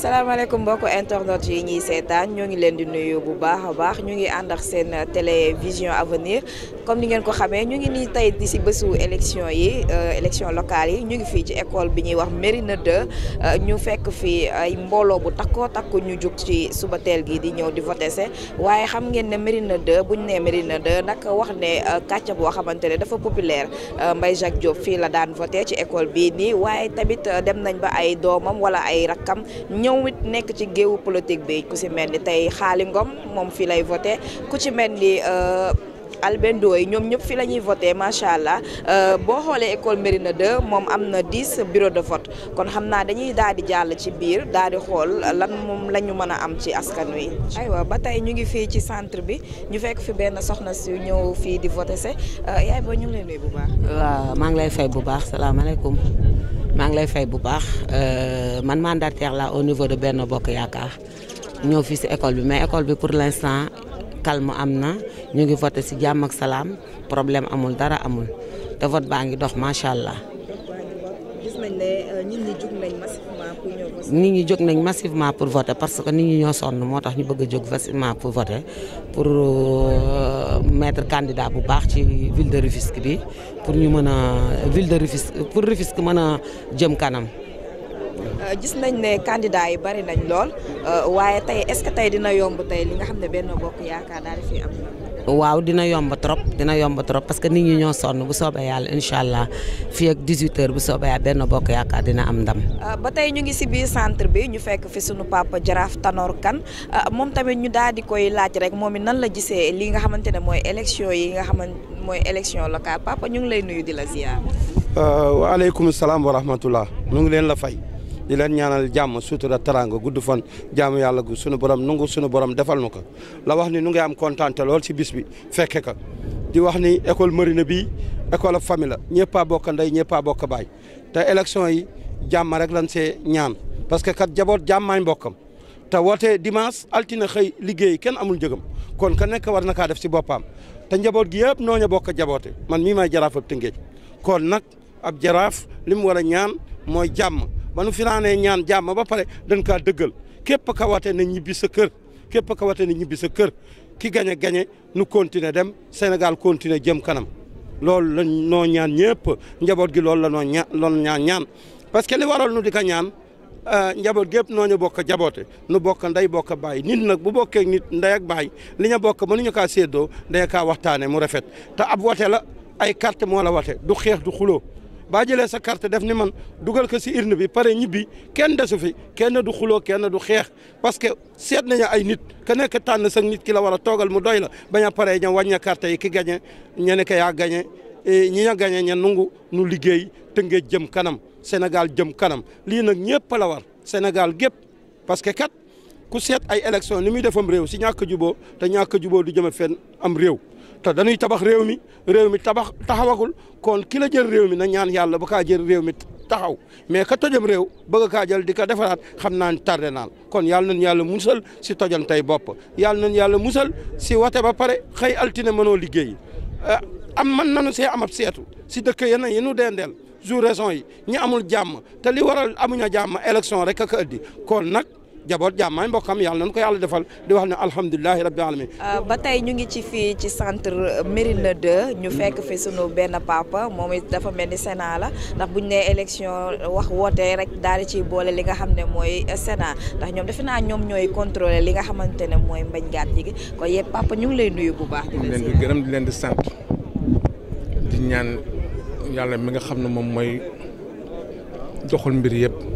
salaamaaleykum mbokku internautes yi ñuy seetaan ñoo ngi leen di nuyu bu baax a baax ñu ngi ànd ak seen télévision avenir comme ni ngeen ko xamee ñu ngi nii tey di si bésu élection yi euh, élection locale yi ñu ngi fii ci école bi ñuy wax Mérina de euh, ñu fekk fii ay mbooloo bu takkoo takku ñu jóg ci suba teel gi di ñëw di vote se waaye xam ngeen ne Mérina 2 buñ nee Mérina de nag wax ne euh, kàcca boo xamante ne dafa populaire Mbaye Jacques Diop fii la daan vote ci école bii nii waaye tamit dem nañ ba ay doomam wala ay rakkam. ñëw it nekk ci géewu politique bi ku si mel ni tey Xaali ngoom moom fii lay voté ku ci mel ni euh, Albert Ndoye ñoom ñëpp fi la ñuy voté allah euh, boo xoolee école Mérina de moom am na 10 bureau de vote kon xam naa dañuy daal di jàll ci biir daal di xool lan moom la ñu mën a am ci askan wi. aywa ba tey ñu ngi fii ci centre bi ñu fekk fi benn soxna si ñëw fii di voté se euh, ñu ngi lay nuyu waaw maa ngi lay fay bu baax salaamaaleykum. maa ngi lay fay bu baax euh, man mandataire la au niveau de benn Bokk Yaakaar ñëw fii si école bi mais école bi pour l'instant calme am na ñu ngi voté si jàmm ak salaam problème amul dara amul te vote baa ngi dox macha allah. gis nañ euh, nit ñi jóg nañ massivement pour ñëw. parce que nit ñi ñoo sonn moo tax ñu bëgg a jóg massivement pour voter pour euh, mettre candidat bu baax ci ville de Rufisque bi pour ñu mën a ville de Rufisque pour Rufisque mën a jëm kanam. Euh, gis nañ ne candidat yi bari nañ lool. Euh, waaye tey est-ce que tey dina yomb tey li nga xam ne benn bokk yaakaar daal fi am. waaw dina yomb trop dina yomb trop parce que nit ñi ñoo sonn bu soobee yàlla incha allah fii ak 18 bu soobee yàlla benn bokk yaakaar dina am ndam. Euh, ba tey ñu ngi si biir centre bi ñu fekk fi sunu papa Jaraaf Tanor kan euh, moom tamit ñu daal di koy laaj rek moom i nan la gisee li nga xamante ne mooy élection yi nga xamante mooy élection locale papa ñu ngi lay nuyu di la ziar. waaleykum salaam wa rahmatullah ñu ngi leen la fay. di leen ñaanal jàmm sutura teraanga gudd fan jaamu yàlla gu sunu borom nungu sunu borom defal nu ko la wax ni nu ngi am kontaan te lool si bis bi fekke ka di wax ni école marina bi école famille la ñëpp a bokk ndey ñëpp a bokk baay te élection yi jàmm rek lan se ñaan parce que kat jaboot jàmmaay mbokkam te woote dimanche altine xëy liggéey kenn amul jëgam kon ka nekk war na kaa def si boppam te njaboot gi yëpp nooña bokk jaboote man mii may jaraaf ab Tëngéej kon nag ab jaraaf li mu war a ñaan mooy jàmm ba nu fanaanee ñaan jàmm ba pare dañ kaa dëggal képp ka wate na ñibbi sa kër képp ka wate na ñibbi sa kër ki gañe gañe nu continuer dem Sénégal continuer jëm kanam loolu la noo ñaan ñëpp njaboot gi loolu la noo ña loolu ñaan ñaan parce que li waral nu di ko ñaan euh, njaboot gépp noo ñu bokk jaboote nu bokk nday bokk baay nit nag bu bokkee nit nday ak baay li ña bokk mënuñu kaa séddoo day kaa waxtaanee mu rafet te ab wate la ay carte moo la wate du xeex du xuloo baa jëlee sa carte def ni man dugal ko si urne bi pare ñibbi kenn desu fi kenn du xuloo kenn du xeex parce que seet nañu ay nit ka nekk tànn sax nit ki la war a toogal mu doy la bañ a paree ña wàññi carte yi ki gañe ñe ne ko yaa gañe ñi ña gañe ña nungu nu liggéey tëngee jëm kanam Sénégal jëm kanam lii nag ñëpp la war Sénégal gépp parce que kat ku seet ay élection ni muy defam réew si ñàkk juboo te ñàkk juboo du jëme fenn am réew te dañuy tabax réew mi réew mi tabax taxawagul kon ki la jël réew mi na ñaan yàlla ba kaa jël réew mi taxaw mais ka tojam réew bëgg kaa jël di ko defaraat xam naa ne tardé naal kon yàlla nañu yàlla musal si tojam tey bopp yàlla nañu yàlla musal si wate ba pare xëy altine mënoo liggéey eh, am man nanu see am ab seetu si dëkk yenn yi nu dendeel jour raison yi ñi amul jàmm te li waral amuñu jàmm élection rek a ko ëddi kon nag jaboot jàmmaay mbokkam yàlla nañu ko yàlla defal di wax ne alhamdulilahi rabbi alamin euh, ba tey ñu ngi ci fii ci centre Mérina 2 ñu fekk fi sunu benn papa moom it dafa mel ni Sénat la ndax bu ñu ne élection wax woote rek daal di ciy boole li nga xam ne mooy Sénat ndax ñoom defe naa ñoom ñooy contrôler li nga xamante ne mooy mbañ gaat yi kon yéen ñu ngi lay nuyu bu baax di leen di di leen di sant di ñaan yàlla mi nga xam ne moom mooy doxul mbir yëpp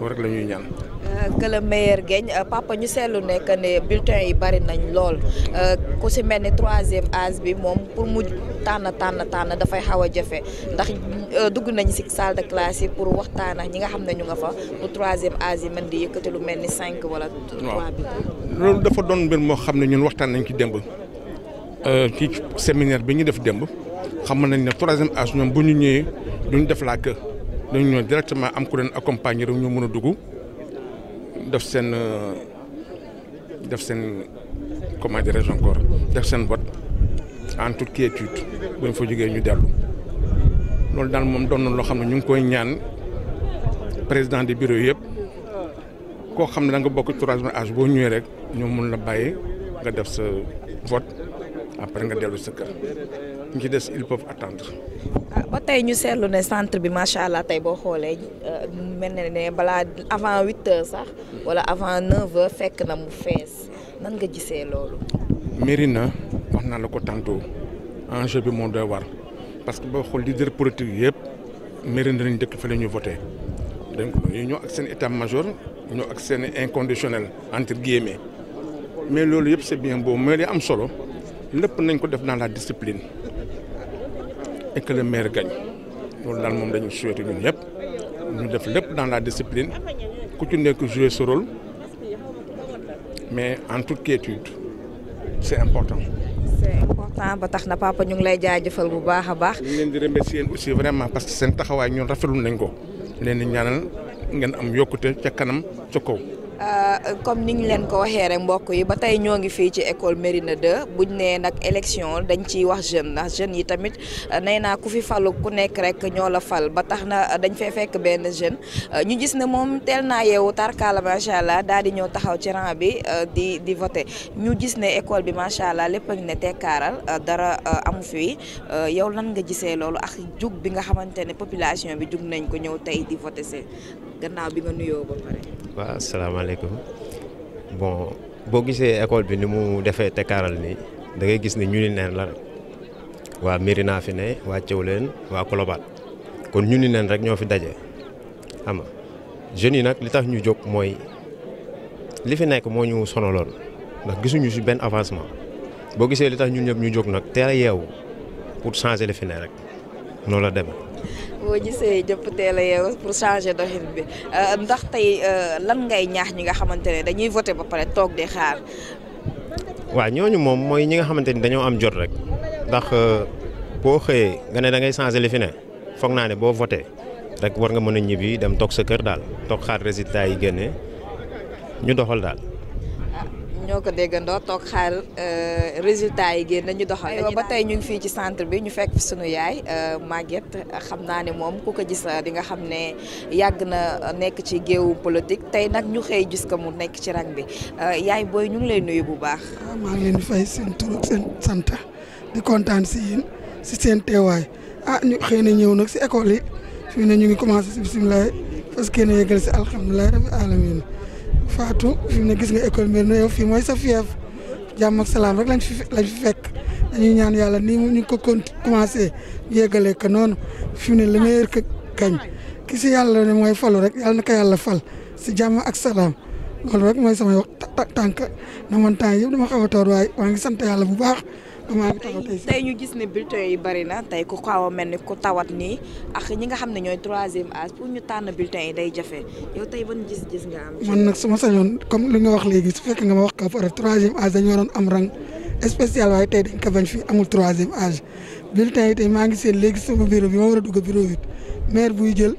loolu la ñuy ñaan. Euh, que le meilleur euh, ñu seetlu nekk ne yi bari nañ lool euh, ku si mel troisième âge bi moom mu tànn tànn tànn dafay xaw a jafe ndax dugg nañ si salle de classe pour waxtaan ak ñi nga xam ne ñu nga troisième âge yi mën lu mel cinq wala. trois dafa doon mbir moo xam ne ñun waxtaan nañ ci démb ci séminaire bi ñu def démb xam nañ ne troisième âge ñoom bu ñu ñëwee duñ def la queue dañu ñëw directement am ku leen accompagner rek ñu mën a dugg def seen euh, def seen comment dirais-je encore def seen vote en toute quiétude bu ñu fa jógee ñu dellu loolu daal moom doon na loo xam ne ñu ngi koy ñaan président des bureaux yëpp koo xam ne da nga bokk troisième âge boo ñëwee rek ñoo mun la bàyyi nga def sa vote après nga dellu sa kër. ils peuvent attendre. Quand ah, on ñu le centre bi allah euh, avant 8h sax avant 9h, fekk na mu nan nga en bi mon devoir. parce que leader politique yépp Mérina voter. dëkk fa la ñu voter. donc état inconditionnel entre guillemets mais lolu c'est bien beau mais li am solo nañ ko def dans la discipline et que le maire gagne loolu daal moom dañu souhaité ñun ñëpp ñu def lépp dans la discipline ku ci nekk jouer ce rôle mais en toute étude c'est important. c'est important ba tax na papa ñu ngi lay jaajëfal bu baax a baax. ñu leen di remercier aussi vraiment parce que seen taxawaay ñun rafetlu nañ ko leen di ñaanal ngeen am yokkute ca kanam ca kaw. Euh, comme ni ñu leen ko waxee rek mbokk yi ba tey ñoo ngi fii ci école Mérina 2 buñ nee nag élection dañ ciy wax jeune ndax jeunes yi tamit euh, nee naa ku fi falu ku nekk rek ñoo la fal ba tax na euh, dañ fee fekk benn jeune ñu gis ne moom teel naa yeewu tarkaala macha daal di ñëw taxaw ci rang bi di di voté ñu gis ne école bi macha allah lépp a ngi ne tekkaaral dara amu fi yow lan nga gisee loolu ak jug bi nga xamante ne population bi jug nañ ko ñëw tey di voté see gannaaw bi nga nuyoo ba pare. waaw asalaamaaleykum bon boo gisee école bi ni mu defee tekkaaral ni da ngay gis ne ñu ni neen la rek waa naa fi ne waa Thiawlène waa Colobane kon ñu ni neen rek ñoo fi daje xam nga jeunes yi nag li tax ñu jóg mooy li fi nekk moo ñu lool ndax gisuñu si benn avancement boo gisee li tax ñu ñëpp ñu jóg nag teel a yeewu pour changer li fi ne rek noonu la dem boo gisee jëpp teel a yeewu pour changer doxin bi euh, ndax tey euh, lan ngay ñaax ñi nga xamante ne dañuy voté ba pare toog di xaar. waaw ñooñu moom mooy ñi nga xamante ni dañoo am jot rek ndax euh, boo xëyee nga ne da ngay changer li fi foog naa ne boo voté rek war nga mën a ñibbi dem toog sa kër daal toog xaar résultat yi génne ñu doxal daal. ñoo ko déggandoo toog xaar euh, résultat yi génn ñu doxal. dañuy ba tey ñu ngi fii ci centre bi ñu fekk fi sunu yaay euh, Maguette xam naa ne moom ku ko gis euh, di nga xam ne yàgg na nekk ci géewu politique tey nag ñu xëy gis ko mu nekk ci rang bi yaay booy ñu ngi lay nuyu bu baax. Ah, maa ngi leen di fay seen tur seen sant di kontaan si yéen si seen teewaay ah ñu xëy na ñëw nag si école yi fii ne ñu ngi commencé si bisimilah parce que yéen a si alhamdulilah rabbil Fatou fi mu ne gis nga école Mérina yow fii mooy sa fief jàmm ak salaam rek lañ fi fekk dañuy ñaan yàlla nii ñu ko con commencé yeggalee ko noonu fi mu ne le ka que ki si yàlla ne mooy falu rek yàlla na ko yàlla fal si jàmm ak salaam loolu rek mooy samay wax tànk na man temps yëpp dama xaw a toor waaye maa ngi sant yàlla bu baax. tey ñu gis ne bulletin yi bari na tey ku xaw a mel ni ku tawat nii ak ñi nga xam ne ñooy troisième âge pour ñu tànn bulletin yi day jafe yow tey ban gis-gis nga am. man su ma sañoon comme li nga wax léegi su fekkee nga ma wax ka pare troisième âge dañu waroon am rang spécial waaye tey dañ ko bañ fii amul troisième âge bulletin yi tey maa ngi seen léegi sama bureau bi ma war a dugg bureau huit maire buy jël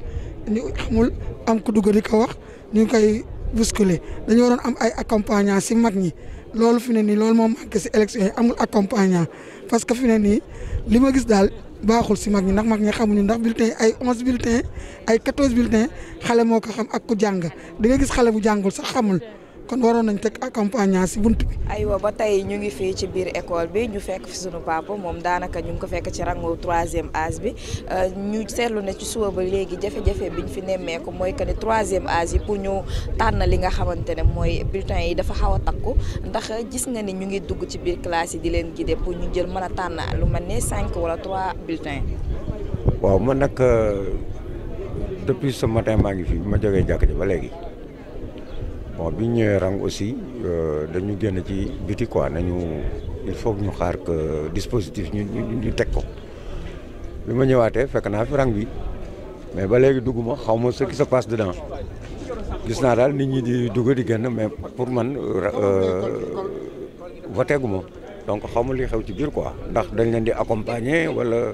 ñu xamul am ku dugg di ka wax ñu koy bousculer dañu waroon am ay accompagnant si mag ñi. loolu fi ne nii loolu moo manqué si élection yi amul accompagnant parce que fi ne nii li ma gis daal baaxul si mag ñi ndax mag ñi xamuñu ndax bulletin yi ay onze bulletin ay quatorze bulletin xale moo ko xam ak ku jàng di nga gis xale bu jàngul sax xamul kon waroon nañ teg accompagnant si bunt bi. aywa ba tey ñu ngi fii ci biir école bi ñu fekk fi sunu papa moom daanaka ñu ngi ko fekk ci rango troisième âge bi euh, ñu seetlu ne ci suba ba léegi jafe-jafe bi ñu fi nemmeeku mooy que ni troisième âge yi pour ñu tànn li nga xamante ne mooy bulletin yi dafa xaw a takku ndax gis nga ni ñu ngi dugg ci biir classe yi di leen guider pour ñu jël mën a tànn lu mel ne cinq wala trois bulletins. waaw man nag euh, depuis ce matin maa ngi fi ma jógee jàkk ba léegi. bon bi ñëwee rang aussi euh dañu génn ci biti quoi nañu il faut ñu xaar que dispositif ñu ñu tek ko bi ma ñëwaatee fekk na fi rang bi mais ba légui duguma xawma ce qui se passe dedans gis na dal nit ñi di dugg di génn mais pour man euh voté guma donc xawma li xew ci biir quoi ndax dañ leen di accompagner wala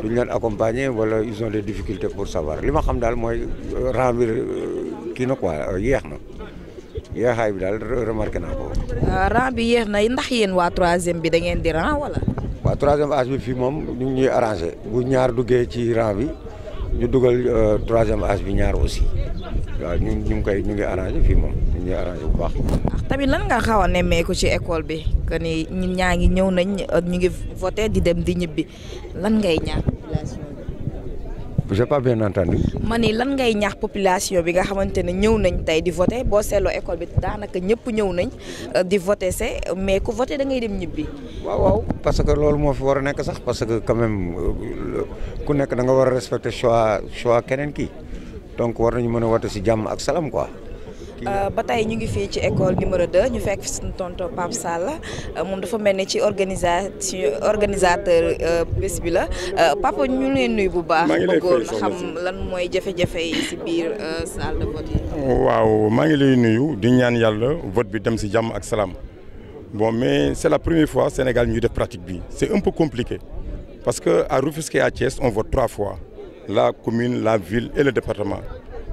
duñ leen accompagner wala ils ont des difficultés pour savoir li ma xam dal moy euh, rang bi euh, kii na quoi euh, yeex na yeexaay bi daal remarqué naa ko. Ah, ran bi yéex na ndax yéen waa troisième bi da ngeen di rang wala. waa troisième âge bi fii moom ñu ngi ñuy arrangé bu ñaar duggee ci rang bi ñu dugal euh, troisième age bi ñaar aussi waa ñu ñu koy ñu ngi arrangé fii moom ñu ngi arrangé bu baax. Ah, tamit lan nga xaw a nemmeeku ci école bi que ni ñun ñaa ngi ñëw nañ euh, ñu ngi voté di dem di ñibbi lan ngay ñaan j'ai pas bien entendu. ma ni lan ngay ñaax population bi nga xamantene ne nañ tay di voter bo seetloo école bi daanaka ñepp ñëw nañ euh, di voter se mais ku voter da ngay dem ñibbi. waaw waaw parce que loolu moo fi war a nekk sax parce que quand même euh, ku nekk da nga war a respecter choix choix keneen ki donc war nañu mën a voter ci jàmm ak salam quoi. Euh, ba tey ñu ngi école numéro 2 ñu fekk une suñu tonton Pape Sall euh, moom dafa mel ci organisateur possible. Euh, bi la papa ñu leen nuyu bu baax. bëggoon xam lan mooy jafe-jafe yi si biir salle de vote Wow, waaw maa ngi lay nuyu di ñaan yàlla vote bi si ak bon mais c'est la première fois Sénégal ñuy def pratique bi C'est un peu compliqué parce que à Rufisque et à Thiès on vote trois fois la commune la ville et le département.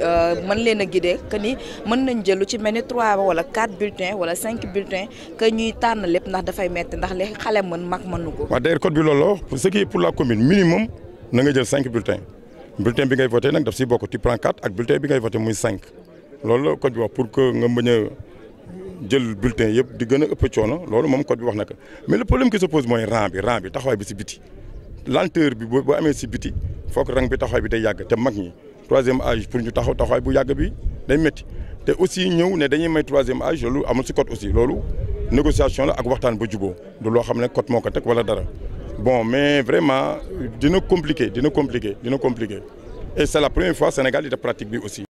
Euh, man leena guidé que ni man nañ jël lu ci melni 3 wala 4 bulletins wala 5 bulletins que ñuy tànn lepp ndax dafay metti ndax li xalé man mag mënu wa waaw d'ailleurs code bi loolu pour ce qui est pour la commune minimum na nga jël 5 bulletins bulletin bi ngay voter nak daf ci bokku tu prends 4 ak bulletin bi ngay voter muy 5 loolu code bi wax pour que nga mëna jël bulletin yépp di gëna a ëpp coono loolu mom code bi wax na mais le problème qui se pose mooy rang bi rang bi taxaway bi ci biti lenteur bi bo amé ci biti foog rang bi taxaway bi day yag te mag ni troisième âge pour ñu taxaw taxawaay bu yàgg bi day metti té aussi ñëw né dañuy may troisième âge loolu amul ci code aussi lolu négociation la ak waxtaan ba juboo du lo xamné ne code moo ko wala dara bon mais vraiment dina compliqué dina compliqué dina compliqué et c'est la première fois Sénégal di pratique bi aussi